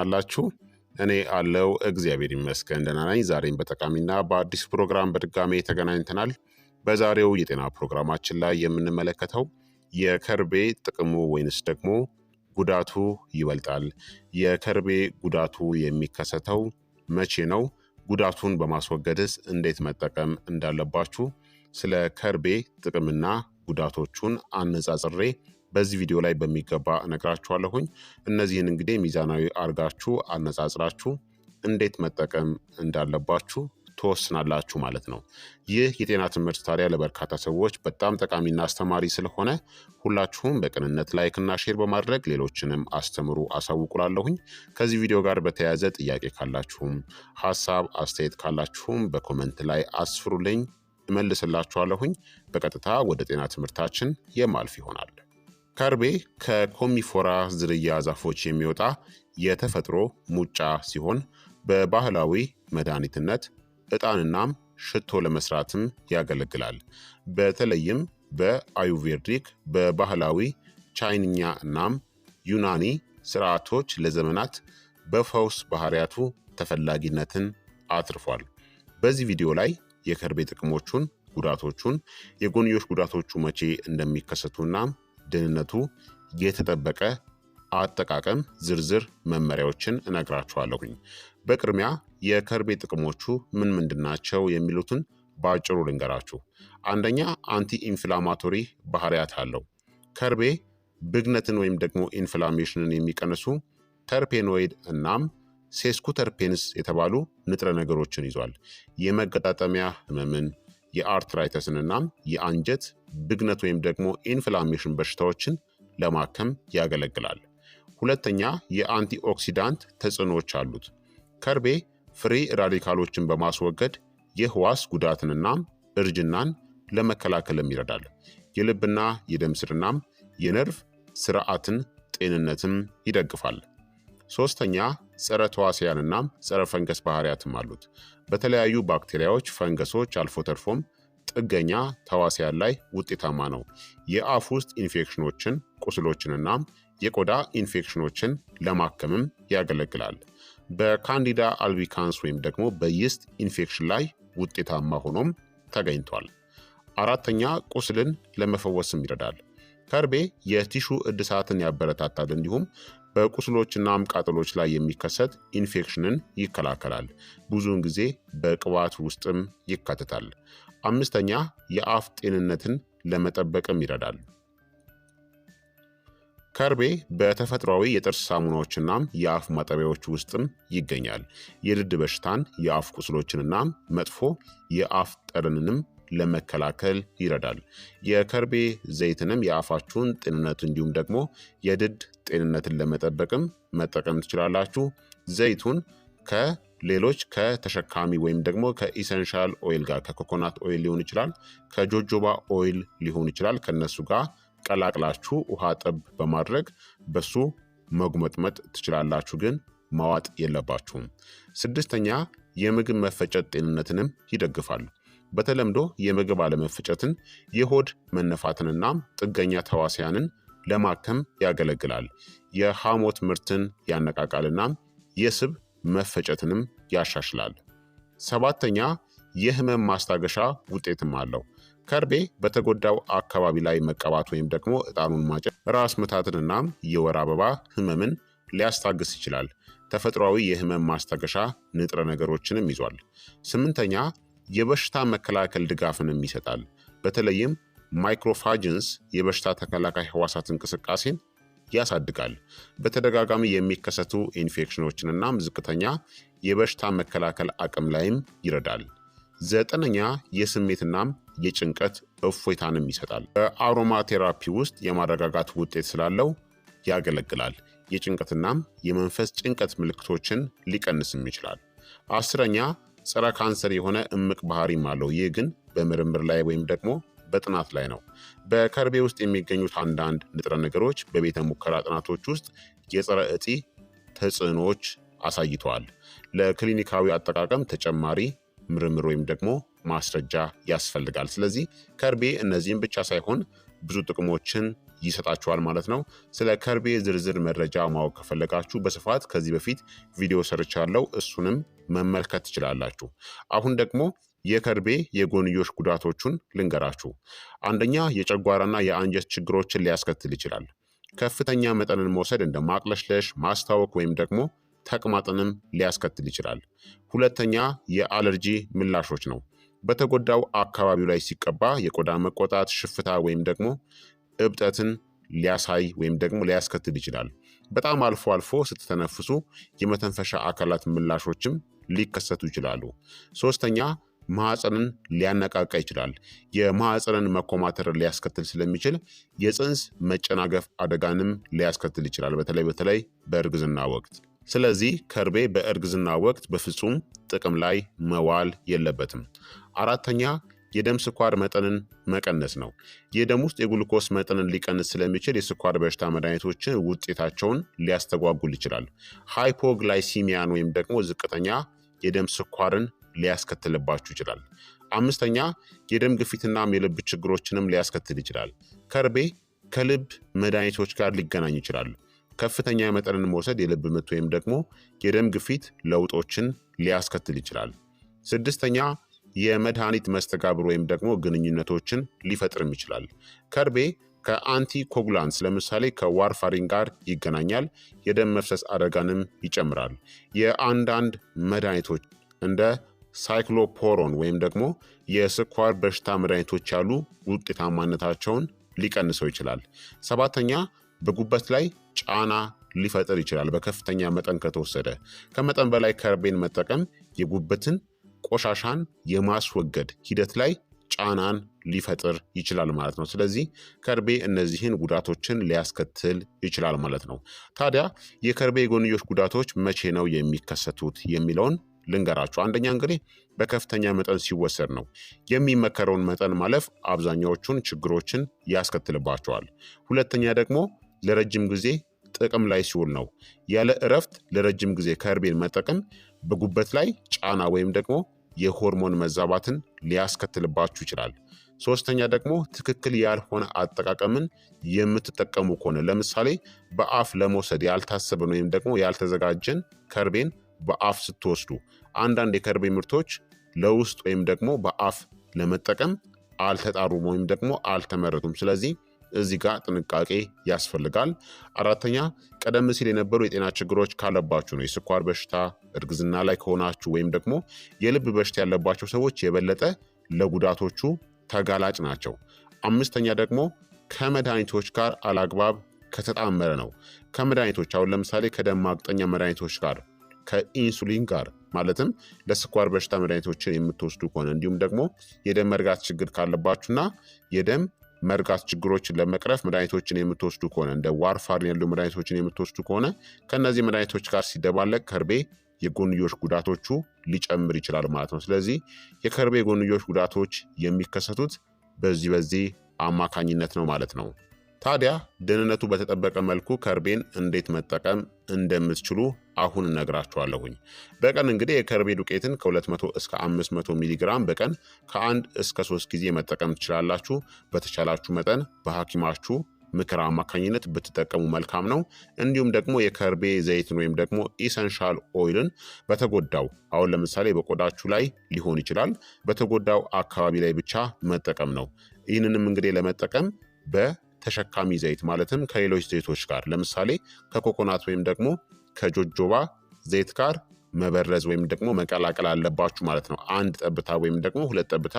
አላችሁ? እኔ አለው እግዚአብሔር ይመስገን ደህና ነኝ። ዛሬም በጠቃሚና በአዲስ ፕሮግራም በድጋሜ ተገናኝተናል። በዛሬው የጤና ፕሮግራማችን ላይ የምንመለከተው የከርቤ ጥቅሙ ወይንስ ደግሞ ጉዳቱ ይበልጣል? የከርቤ ጉዳቱ የሚከሰተው መቼ ነው? ጉዳቱን በማስወገድስ እንዴት መጠቀም እንዳለባችሁ ስለ ከርቤ ጥቅምና ጉዳቶቹን አነጻጽሬ በዚህ ቪዲዮ ላይ በሚገባ እነግራችኋለሁኝ። እነዚህን እንግዲህ ሚዛናዊ አርጋችሁ አነጻጽራችሁ እንዴት መጠቀም እንዳለባችሁ ትወስናላችሁ ማለት ነው። ይህ የጤና ትምህርት ታዲያ ለበርካታ ሰዎች በጣም ጠቃሚና አስተማሪ ስለሆነ ሁላችሁም በቅንነት ላይክና ሼር በማድረግ ሌሎችንም አስተምሩ አሳውቁላለሁኝ። ከዚህ ቪዲዮ ጋር በተያያዘ ጥያቄ ካላችሁም ሀሳብ አስተያየት ካላችሁም በኮመንት ላይ አስፍሩልኝ፣ እመልስላችኋለሁኝ። በቀጥታ ወደ ጤና ትምህርታችን የማልፍ ይሆናል። ከርቤ ከኮሚፎራ ዝርያ ዛፎች የሚወጣ የተፈጥሮ ሙጫ ሲሆን በባህላዊ መድኃኒትነት ዕጣንናም ሽቶ ለመስራትም ያገለግላል። በተለይም በአዩቬርዲክ በባህላዊ ቻይንኛ እናም ዩናኒ ስርዓቶች ለዘመናት በፈውስ ባህሪያቱ ተፈላጊነትን አትርፏል። በዚህ ቪዲዮ ላይ የከርቤ ጥቅሞቹን፣ ጉዳቶቹን፣ የጎንዮሽ ጉዳቶቹ መቼ እንደሚከሰቱና ደህንነቱ የተጠበቀ አጠቃቀም ዝርዝር መመሪያዎችን እነግራችኋለሁኝ። በቅድሚያ የከርቤ ጥቅሞቹ ምን ምንድን ናቸው የሚሉትን በአጭሩ ልንገራችሁ። አንደኛ አንቲ ኢንፍላማቶሪ ባህሪያት አለው። ከርቤ ብግነትን ወይም ደግሞ ኢንፍላሜሽንን የሚቀንሱ ተርፔኖይድ እናም ሴስኩተርፔንስ የተባሉ ንጥረ ነገሮችን ይዟል። የመገጣጠሚያ ህመምን፣ የአርትራይተስን እናም የአንጀት ብግነት ወይም ደግሞ ኢንፍላሜሽን በሽታዎችን ለማከም ያገለግላል። ሁለተኛ የአንቲኦክሲዳንት ተጽዕኖዎች አሉት። ከርቤ ፍሪ ራዲካሎችን በማስወገድ የህዋስ ጉዳትንና እርጅናን ለመከላከልም ይረዳል። የልብና የደም ስርናም የነርቭ ስርዓትን ጤንነትም ይደግፋል። ሶስተኛ ጸረ ተዋሲያንናም ጸረ ፈንገስ ባህሪያትም አሉት። በተለያዩ ባክቴሪያዎች፣ ፈንገሶች አልፎ ተርፎም ጥገኛ ተዋሲያን ላይ ውጤታማ ነው። የአፍ ውስጥ ኢንፌክሽኖችን፣ ቁስሎችንና የቆዳ ኢንፌክሽኖችን ለማከምም ያገለግላል። በካንዲዳ አልቢካንስ ወይም ደግሞ በይስት ኢንፌክሽን ላይ ውጤታማ ሆኖም ተገኝቷል። አራተኛ ቁስልን ለመፈወስም ይረዳል። ከርቤ የቲሹ እድሳትን ያበረታታል እንዲሁም በቁስሎችና ቃጠሎች ላይ የሚከሰት ኢንፌክሽንን ይከላከላል። ብዙውን ጊዜ በቅባት ውስጥም ይካተታል። አምስተኛ የአፍ ጤንነትን ለመጠበቅም ይረዳል። ከርቤ በተፈጥሯዊ የጥርስ ሳሙናዎችናም የአፍ ማጠቢያዎች ውስጥም ይገኛል። የድድ በሽታን፣ የአፍ ቁስሎችንናም መጥፎ የአፍ ጠረንንም ለመከላከል ይረዳል። የከርቤ ዘይትንም የአፋችሁን ጤንነት እንዲሁም ደግሞ የድድ ጤንነትን ለመጠበቅም መጠቀም ትችላላችሁ። ዘይቱን ከ ሌሎች ከተሸካሚ ወይም ደግሞ ከኢሰንሻል ኦይል ጋር ከኮኮናት ኦይል ሊሆን ይችላል፣ ከጆጆባ ኦይል ሊሆን ይችላል። ከነሱ ጋር ቀላቅላችሁ ውሃ ጠብ በማድረግ በሱ መጉመጥመጥ ትችላላችሁ፣ ግን ማዋጥ የለባችሁም። ስድስተኛ የምግብ መፈጨት ጤንነትንም ይደግፋል በተለምዶ የምግብ አለመፈጨትን፣ የሆድ መነፋትንና ጥገኛ ተዋሲያንን ለማከም ያገለግላል። የሐሞት ምርትን ያነቃቃልና የስብ መፈጨትንም ያሻሽላል። ሰባተኛ የህመም ማስታገሻ ውጤትም አለው። ከርቤ በተጎዳው አካባቢ ላይ መቀባት ወይም ደግሞ እጣኑን ማጨት ራስ ምታትንና የወር አበባ ህመምን ሊያስታግስ ይችላል። ተፈጥሯዊ የህመም ማስታገሻ ንጥረ ነገሮችንም ይዟል። ስምንተኛ የበሽታ መከላከል ድጋፍንም ይሰጣል። በተለይም ማይክሮፋጅንስ የበሽታ ተከላካይ ህዋሳት እንቅስቃሴን ያሳድጋል። በተደጋጋሚ የሚከሰቱ ኢንፌክሽኖችንና ዝቅተኛ የበሽታ መከላከል አቅም ላይም ይረዳል። ዘጠነኛ የስሜትናም የጭንቀት እፎይታንም ይሰጣል። በአሮማ ቴራፒ ውስጥ የማረጋጋት ውጤት ስላለው ያገለግላል። የጭንቀትናም የመንፈስ ጭንቀት ምልክቶችን ሊቀንስም ይችላል። አስረኛ ጸረ ካንሰር የሆነ እምቅ ባህሪም አለው። ይህ ግን በምርምር ላይ ወይም ደግሞ በጥናት ላይ ነው። በከርቤ ውስጥ የሚገኙት አንዳንድ ንጥረ ነገሮች በቤተ ሙከራ ጥናቶች ውስጥ የጸረ እጢ ተጽዕኖዎች አሳይተዋል። ለክሊኒካዊ አጠቃቀም ተጨማሪ ምርምር ወይም ደግሞ ማስረጃ ያስፈልጋል። ስለዚህ ከርቤ እነዚህም ብቻ ሳይሆን ብዙ ጥቅሞችን ይሰጣችኋል ማለት ነው። ስለ ከርቤ ዝርዝር መረጃ ማወቅ ከፈለጋችሁ በስፋት ከዚህ በፊት ቪዲዮ ሰርቻለሁ፣ እሱንም መመልከት ትችላላችሁ። አሁን ደግሞ የከርቤ የጎንዮሽ ጉዳቶቹን ልንገራችሁ። አንደኛ የጨጓራና የአንጀት ችግሮችን ሊያስከትል ይችላል። ከፍተኛ መጠንን መውሰድ እንደ ማቅለሽለሽ፣ ማስታወክ ወይም ደግሞ ተቅማጥንም ሊያስከትል ይችላል። ሁለተኛ የአለርጂ ምላሾች ነው። በተጎዳው አካባቢው ላይ ሲቀባ የቆዳ መቆጣት፣ ሽፍታ ወይም ደግሞ እብጠትን ሊያሳይ ወይም ደግሞ ሊያስከትል ይችላል። በጣም አልፎ አልፎ ስትተነፍሱ የመተንፈሻ አካላት ምላሾችም ሊከሰቱ ይችላሉ። ሶስተኛ ማዕፀንን ሊያነቃቃ ይችላል። የማዕፀንን መኮማተር ሊያስከትል ስለሚችል የፅንስ መጨናገፍ አደጋንም ሊያስከትል ይችላል፣ በተለይ በተለይ በእርግዝና ወቅት። ስለዚህ ከርቤ በእርግዝና ወቅት በፍጹም ጥቅም ላይ መዋል የለበትም። አራተኛ የደም ስኳር መጠንን መቀነስ ነው። የደም ውስጥ የግሉኮስ መጠንን ሊቀንስ ስለሚችል የስኳር በሽታ መድኃኒቶችን ውጤታቸውን ሊያስተጓጉል ይችላል። ሃይፖግላይሲሚያን ወይም ደግሞ ዝቅተኛ የደም ስኳርን ሊያስከትልባችሁ ይችላል። አምስተኛ የደም ግፊትናም የልብ ችግሮችንም ሊያስከትል ይችላል። ከርቤ ከልብ መድኃኒቶች ጋር ሊገናኝ ይችላል። ከፍተኛ የመጠንን መውሰድ የልብ ምት ወይም ደግሞ የደም ግፊት ለውጦችን ሊያስከትል ይችላል። ስድስተኛ የመድኃኒት መስተጋብር ወይም ደግሞ ግንኙነቶችን ሊፈጥርም ይችላል። ከርቤ ከአንቲኮጉላንስ ለምሳሌ ከዋርፋሪን ጋር ይገናኛል። የደም መፍሰስ አደጋንም ይጨምራል። የአንዳንድ መድኃኒቶች እንደ ሳይክሎፖሮን ወይም ደግሞ የስኳር በሽታ መድኃኒቶች ያሉ ውጤታማነታቸውን ሊቀንሰው ይችላል። ሰባተኛ በጉበት ላይ ጫና ሊፈጥር ይችላል። በከፍተኛ መጠን ከተወሰደ ከመጠን በላይ ከርቤን መጠቀም የጉበትን ቆሻሻን የማስወገድ ሂደት ላይ ጫናን ሊፈጥር ይችላል ማለት ነው። ስለዚህ ከርቤ እነዚህን ጉዳቶችን ሊያስከትል ይችላል ማለት ነው። ታዲያ የከርቤ የጎንዮሽ ጉዳቶች መቼ ነው የሚከሰቱት የሚለውን ልንገራችሁ። አንደኛ እንግዲህ በከፍተኛ መጠን ሲወሰድ ነው የሚመከረውን መጠን ማለፍ አብዛኛዎቹን ችግሮችን ያስከትልባቸዋል። ሁለተኛ ደግሞ ለረጅም ጊዜ ጥቅም ላይ ሲውል ነው። ያለ እረፍት ለረጅም ጊዜ ከርቤን መጠቀም በጉበት ላይ ጫና ወይም ደግሞ የሆርሞን መዛባትን ሊያስከትልባችሁ ይችላል። ሶስተኛ ደግሞ ትክክል ያልሆነ አጠቃቀምን የምትጠቀሙ ከሆነ ለምሳሌ በአፍ ለመውሰድ ያልታሰበን ወይም ደግሞ ያልተዘጋጀን ከርቤን በአፍ ስትወስዱ። አንዳንድ የከርቤ ምርቶች ለውስጥ ወይም ደግሞ በአፍ ለመጠቀም አልተጣሩም ወይም ደግሞ አልተመረቱም። ስለዚህ እዚህ ጋር ጥንቃቄ ያስፈልጋል። አራተኛ ቀደም ሲል የነበሩ የጤና ችግሮች ካለባችሁ ነው። የስኳር በሽታ እርግዝና ላይ ከሆናችሁ ወይም ደግሞ የልብ በሽታ ያለባቸው ሰዎች የበለጠ ለጉዳቶቹ ተጋላጭ ናቸው። አምስተኛ ደግሞ ከመድኃኒቶች ጋር አላግባብ ከተጣመረ ነው። ከመድኃኒቶች አሁን ለምሳሌ ከደም ማቅጠኛ መድኃኒቶች ጋር ከኢንሱሊን ጋር ማለትም ለስኳር በሽታ መድኃኒቶችን የምትወስዱ ከሆነ እንዲሁም ደግሞ የደም መርጋት ችግር ካለባችሁና የደም መርጋት ችግሮችን ለመቅረፍ መድኃኒቶችን የምትወስዱ ከሆነ እንደ ዋርፋሪን ያሉ መድኃኒቶችን የምትወስዱ ከሆነ ከእነዚህ መድኃኒቶች ጋር ሲደባለቅ ከርቤ የጎንዮሽ ጉዳቶቹ ሊጨምር ይችላል ማለት ነው። ስለዚህ የከርቤ የጎንዮሽ ጉዳቶች የሚከሰቱት በዚህ በዚህ አማካኝነት ነው ማለት ነው። ታዲያ ደህንነቱ በተጠበቀ መልኩ ከርቤን እንዴት መጠቀም እንደምትችሉ አሁን እነግራችኋለሁኝ። በቀን እንግዲህ የከርቤ ዱቄትን ከ200 እስከ 500 ሚሊግራም በቀን ከአንድ እስከ ሶስት ጊዜ መጠቀም ትችላላችሁ። በተቻላችሁ መጠን በሐኪማችሁ ምክር አማካኝነት ብትጠቀሙ መልካም ነው። እንዲሁም ደግሞ የከርቤ ዘይትን ወይም ደግሞ ኢሰንሻል ኦይልን በተጎዳው አሁን ለምሳሌ በቆዳችሁ ላይ ሊሆን ይችላል፣ በተጎዳው አካባቢ ላይ ብቻ መጠቀም ነው። ይህንንም እንግዲህ ለመጠቀም በ ተሸካሚ ዘይት ማለትም ከሌሎች ዘይቶች ጋር ለምሳሌ ከኮኮናት ወይም ደግሞ ከጆጆባ ዘይት ጋር መበረዝ ወይም ደግሞ መቀላቀል አለባችሁ ማለት ነው። አንድ ጠብታ ወይም ደግሞ ሁለት ጠብታ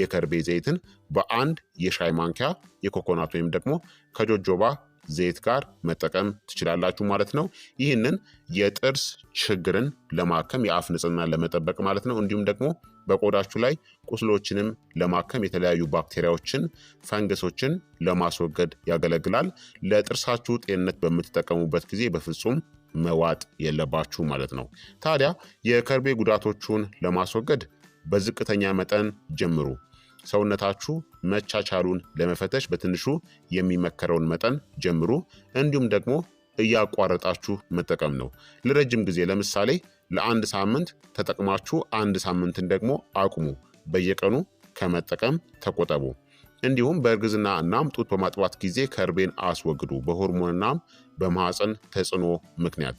የከርቤ ዘይትን በአንድ የሻይ ማንኪያ የኮኮናት ወይም ደግሞ ከጆጆባ ዘይት ጋር መጠቀም ትችላላችሁ ማለት ነው። ይህንን የጥርስ ችግርን ለማከም የአፍ ንጽህናን ለመጠበቅ ማለት ነው። እንዲሁም ደግሞ በቆዳችሁ ላይ ቁስሎችንም ለማከም የተለያዩ ባክቴሪያዎችን፣ ፈንገሶችን ለማስወገድ ያገለግላል። ለጥርሳችሁ ጤንነት በምትጠቀሙበት ጊዜ በፍጹም መዋጥ የለባችሁ ማለት ነው። ታዲያ የከርቤ ጉዳቶቹን ለማስወገድ በዝቅተኛ መጠን ጀምሩ። ሰውነታችሁ መቻቻሉን ለመፈተሽ በትንሹ የሚመከረውን መጠን ጀምሩ። እንዲሁም ደግሞ እያቋረጣችሁ መጠቀም ነው። ለረጅም ጊዜ ለምሳሌ ለአንድ ሳምንት ተጠቅማችሁ አንድ ሳምንትን ደግሞ አቁሙ። በየቀኑ ከመጠቀም ተቆጠቡ። እንዲሁም በእርግዝና እናም ጡት በማጥባት ጊዜ ከርቤን አስወግዱ። በሆርሞንናም በማህፀን ተጽዕኖ ምክንያት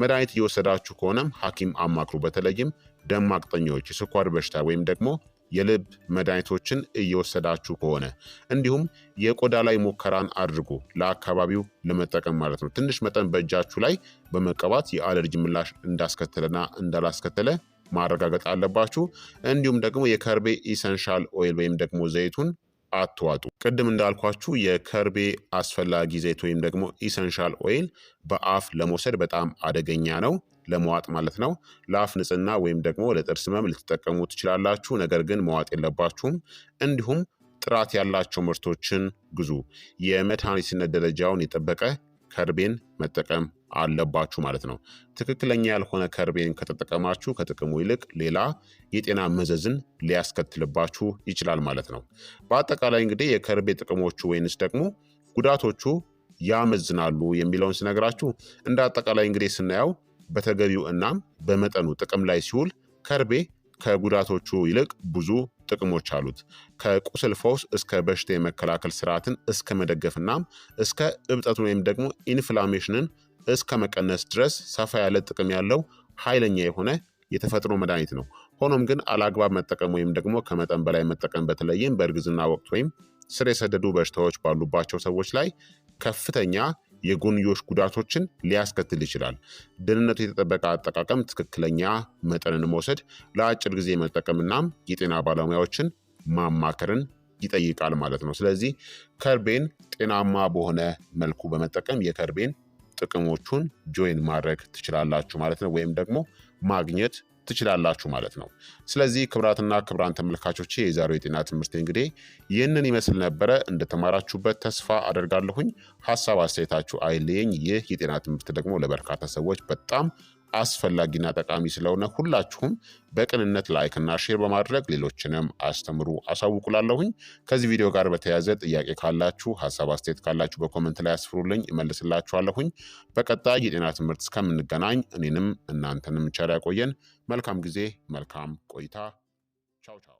መድኃኒት እየወሰዳችሁ ከሆነም ሐኪም አማክሩ። በተለይም ደም ማቅጠኛዎች፣ የስኳር በሽታ ወይም ደግሞ የልብ መድኃኒቶችን እየወሰዳችሁ ከሆነ እንዲሁም የቆዳ ላይ ሙከራን አድርጎ ለአካባቢው ለመጠቀም ማለት ነው። ትንሽ መጠን በእጃችሁ ላይ በመቀባት የአለርጂ ምላሽ እንዳስከተለና እንዳላስከተለ ማረጋገጥ አለባችሁ። እንዲሁም ደግሞ የከርቤ ኢሰንሻል ኦይል ወይም ደግሞ ዘይቱን አትዋጡ። ቅድም እንዳልኳችሁ የከርቤ አስፈላጊ ዘይት ወይም ደግሞ ኢሰንሻል ኦይል በአፍ ለመውሰድ በጣም አደገኛ ነው። ለመዋጥ ማለት ነው። ለአፍ ንጽህና ወይም ደግሞ ለጥርስ ህመም ልትጠቀሙ ትችላላችሁ። ነገር ግን መዋጥ የለባችሁም። እንዲሁም ጥራት ያላቸው ምርቶችን ግዙ። የመድኃኒትነት ደረጃውን የጠበቀ ከርቤን መጠቀም አለባችሁ ማለት ነው። ትክክለኛ ያልሆነ ከርቤን ከተጠቀማችሁ ከጥቅሙ ይልቅ ሌላ የጤና መዘዝን ሊያስከትልባችሁ ይችላል ማለት ነው። በአጠቃላይ እንግዲህ የከርቤ ጥቅሞቹ ወይንስ ደግሞ ጉዳቶቹ ያመዝናሉ የሚለውን ስነግራችሁ እንደ አጠቃላይ እንግዲህ ስናየው በተገቢው እናም በመጠኑ ጥቅም ላይ ሲውል ከርቤ ከጉዳቶቹ ይልቅ ብዙ ጥቅሞች አሉት። ከቁስል ፈውስ እስከ በሽታ የመከላከል ስርዓትን እስከ መደገፍናም እስከ እብጠቱን ወይም ደግሞ ኢንፍላሜሽንን እስከ መቀነስ ድረስ ሰፋ ያለ ጥቅም ያለው ኃይለኛ የሆነ የተፈጥሮ መድኃኒት ነው። ሆኖም ግን አላግባብ መጠቀም ወይም ደግሞ ከመጠን በላይ መጠቀም በተለይም በእርግዝና ወቅት ወይም ስር የሰደዱ በሽታዎች ባሉባቸው ሰዎች ላይ ከፍተኛ የጎንዮሽ ጉዳቶችን ሊያስከትል ይችላል። ደህንነቱ የተጠበቀ አጠቃቀም፣ ትክክለኛ መጠንን መውሰድ፣ ለአጭር ጊዜ መጠቀምናም የጤና ባለሙያዎችን ማማከርን ይጠይቃል ማለት ነው። ስለዚህ ከርቤን ጤናማ በሆነ መልኩ በመጠቀም የከርቤን ጥቅሞቹን ጆይን ማድረግ ትችላላችሁ ማለት ነው ወይም ደግሞ ማግኘት ትችላላችሁ ማለት ነው። ስለዚህ ክብራትና ክብራን ተመልካቾቼ የዛሬው የጤና ትምህርት እንግዲህ ይህንን ይመስል ነበረ። እንደተማራችሁበት ተስፋ አደርጋለሁኝ። ሀሳብ አስተያየታችሁ አይለየኝ። ይህ የጤና ትምህርት ደግሞ ለበርካታ ሰዎች በጣም አስፈላጊና ጠቃሚ ስለሆነ ሁላችሁም በቅንነት ላይክና ሼር በማድረግ ሌሎችንም አስተምሩ አሳውቁላለሁኝ። ከዚህ ቪዲዮ ጋር በተያያዘ ጥያቄ ካላችሁ፣ ሀሳብ አስተያየት ካላችሁ በኮመንት ላይ አስፍሩልኝ፣ እመልስላችኋለሁኝ። በቀጣይ የጤና ትምህርት እስከምንገናኝ እኔንም እናንተንም ቸር ያቆየን። መልካም ጊዜ፣ መልካም ቆይታ። ቻው ቻው።